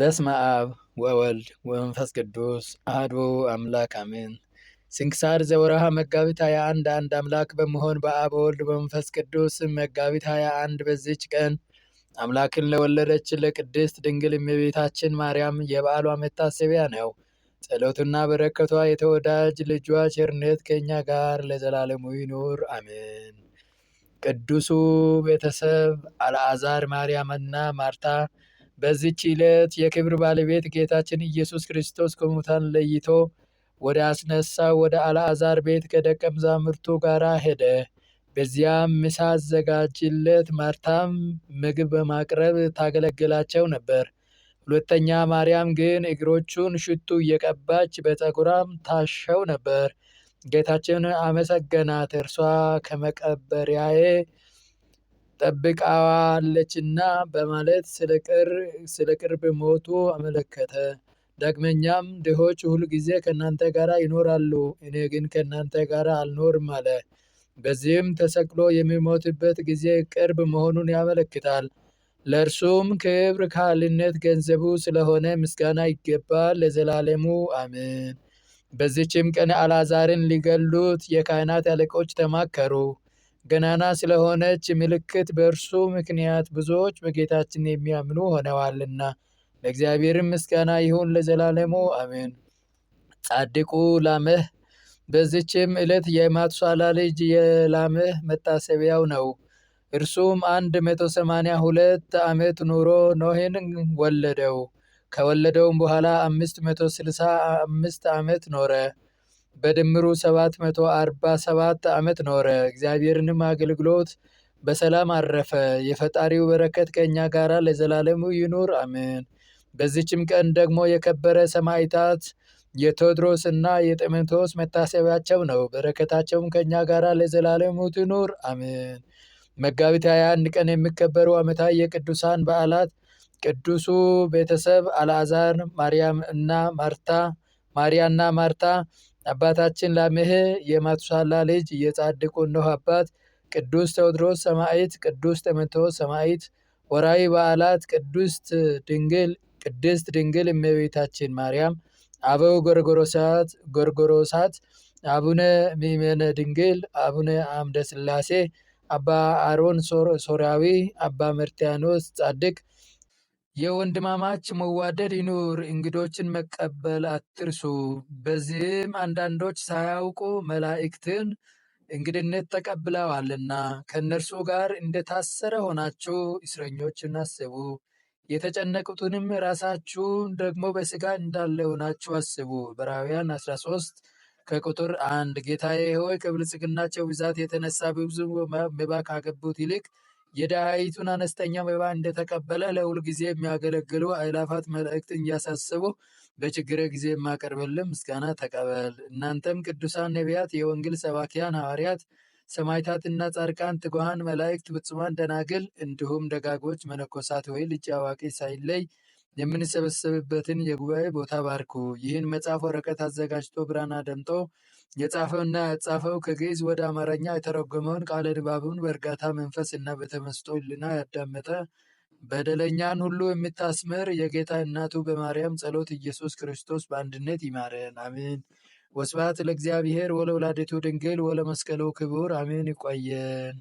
በስመ አብ ወወልድ ወመንፈስ ቅዱስ አሐዱ አምላክ አሜን። ስንክሳር ዘወርሃ መጋቢት 21 አንድ አምላክ በመሆን በአብ ወልድ በመንፈስ ቅዱስ መጋቢት 21 በዚች ቀን አምላክን ለወለደች ለቅድስት ድንግል እመቤታችን ማርያም የበዓሏ መታሰቢያ ነው። ጸሎቱና በረከቷ የተወዳጅ ልጇ ቸርነት ከእኛ ጋር ለዘላለሙ ይኑር አሜን። ቅዱሱ ቤተሰብ አልዓዛር፣ ማርያምና ማርታ በዚች ዕለት የክብር ባለቤት ጌታችን ኢየሱስ ክርስቶስ ከሙታን ለይቶ ወደ አስነሳ ወደ አልዓዛር ቤት ከደቀ መዛሙርቱ ጋር ሄደ። በዚያም ምሳ አዘጋጅለት። ማርታም ምግብ በማቅረብ ታገለግላቸው ነበር። ሁለተኛ ማርያም ግን እግሮቹን ሽቱ እየቀባች በፀጉሯም ታሸው ነበር። ጌታችን አመሰገናት። እርሷ ከመቀበሪያዬ ጠብቃዋለችና በማለት ስለ ቅርብ ሞቱ አመለከተ። ዳግመኛም ድሆች ሁልጊዜ ከእናንተ ጋር ይኖራሉ፣ እኔ ግን ከእናንተ ጋር አልኖርም አለ። በዚህም ተሰቅሎ የሚሞትበት ጊዜ ቅርብ መሆኑን ያመለክታል። ለእርሱም ክብር ካልነት ገንዘቡ ስለሆነ ምስጋና ይገባል ለዘላለሙ አሜን። በዚችም ቀን አላዛርን ሊገሉት የካህናት አለቆች ተማከሩ። ገናና ስለሆነች ምልክት በእርሱ ምክንያት ብዙዎች በጌታችን የሚያምኑ ሆነዋልና። ለእግዚአብሔርም ምስጋና ይሁን ለዘላለሙ አሜን። ጻድቁ ላምህ በዚችም ዕለት የማቱሳላ ልጅ የላምህ መታሰቢያው ነው። እርሱም 182 ዓመት ኑሮ ኖህን ወለደው። ከወለደውም በኋላ 565 ዓመት ኖረ። በድምሩ 747 ዓመት ኖረ። እግዚአብሔርንም አገልግሎት በሰላም አረፈ። የፈጣሪው በረከት ከእኛ ጋር ለዘላለሙ ይኑር አሜን። በዚችም ቀን ደግሞ የከበረ ሰማዕታት የቴዎድሮስ እና የጢሞቴዎስ መታሰቢያቸው ነው። በረከታቸውም ከእኛ ጋር ለዘላለሙ ትኑር አሜን። መጋቢት 21 ቀን የሚከበሩ ዓመታዊ የቅዱሳን በዓላት ቅዱሱ ቤተሰብ አልዓዛር፣ ማርያና ማርታ ማርያና ማርታ አባታችን ላሜህ የማቱሳላ ልጅ የጻድቁ ነው አባት ቅዱስ ቴዎድሮስ ሰማዕት፣ ቅዱስ ጢሞቴዎስ ሰማዕት። ወራዊ በዓላት ቅድስት ድንግል ቅድስት ድንግል እመቤታችን ማርያም፣ አበው ጎርጎሮሳት ጎርጎሮሳት፣ አቡነ ሚመነ ድንግል፣ አቡነ አምደ አባ አሮን ሶርያዊ፣ አባ መርቲያኖስ ጻድቅ የወንድማማች መዋደድ ይኑር፣ እንግዶችን መቀበል አትርሱ። በዚህም አንዳንዶች ሳያውቁ መላእክትን እንግድነት ተቀብለዋልና ከእነርሱ ጋር እንደታሰረ ሆናችሁ እስረኞችን አስቡ። የተጨነቁትንም ራሳችሁን ደግሞ በስጋ እንዳለ ሆናችሁ አስቡ። ዕብራውያን 13 ከቁጥር አንድ ጌታዬ ሆይ ከብልጽግናቸው ብዛት የተነሳ ብዙ መባ ካገቡት ይልቅ የድሃይቱን አነስተኛ መባ እንደተቀበለ ለሁል ጊዜ የሚያገለግሉ አእላፋት መላእክትን እያሳስቡ በችግረ ጊዜ የማቀርብልም ምስጋና ተቀበል። እናንተም ቅዱሳን ነቢያት፣ የወንጌል ሰባኪያን ሐዋርያት፣ ሰማዕታትና ጻድቃን፣ ትጉሃን መላእክት፣ ፍጹማን ደናግል፣ እንዲሁም ደጋጎች መነኮሳት ወይ ልጅ አዋቂ ሳይለይ የምንሰበሰብበትን የጉባኤ ቦታ ባርኩ። ይህን መጽሐፍ ወረቀት አዘጋጅቶ ብራና ደምጦ የጻፈውና ያጻፈው ከግዕዝ ወደ አማርኛ የተረጎመውን ቃለ ንባቡን በእርጋታ መንፈስ እና በተመስጦ ልና ያዳመጠ በደለኛን ሁሉ የምታስምር የጌታ እናቱ በማርያም ጸሎት ኢየሱስ ክርስቶስ በአንድነት ይማረን፣ አሜን። ወስብሐት ለእግዚአብሔር ወለወላዲቱ ድንግል ወለመስቀሉ ክቡር፣ አሜን። ይቆየን።